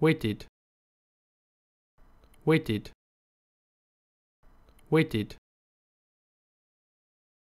waited waited waited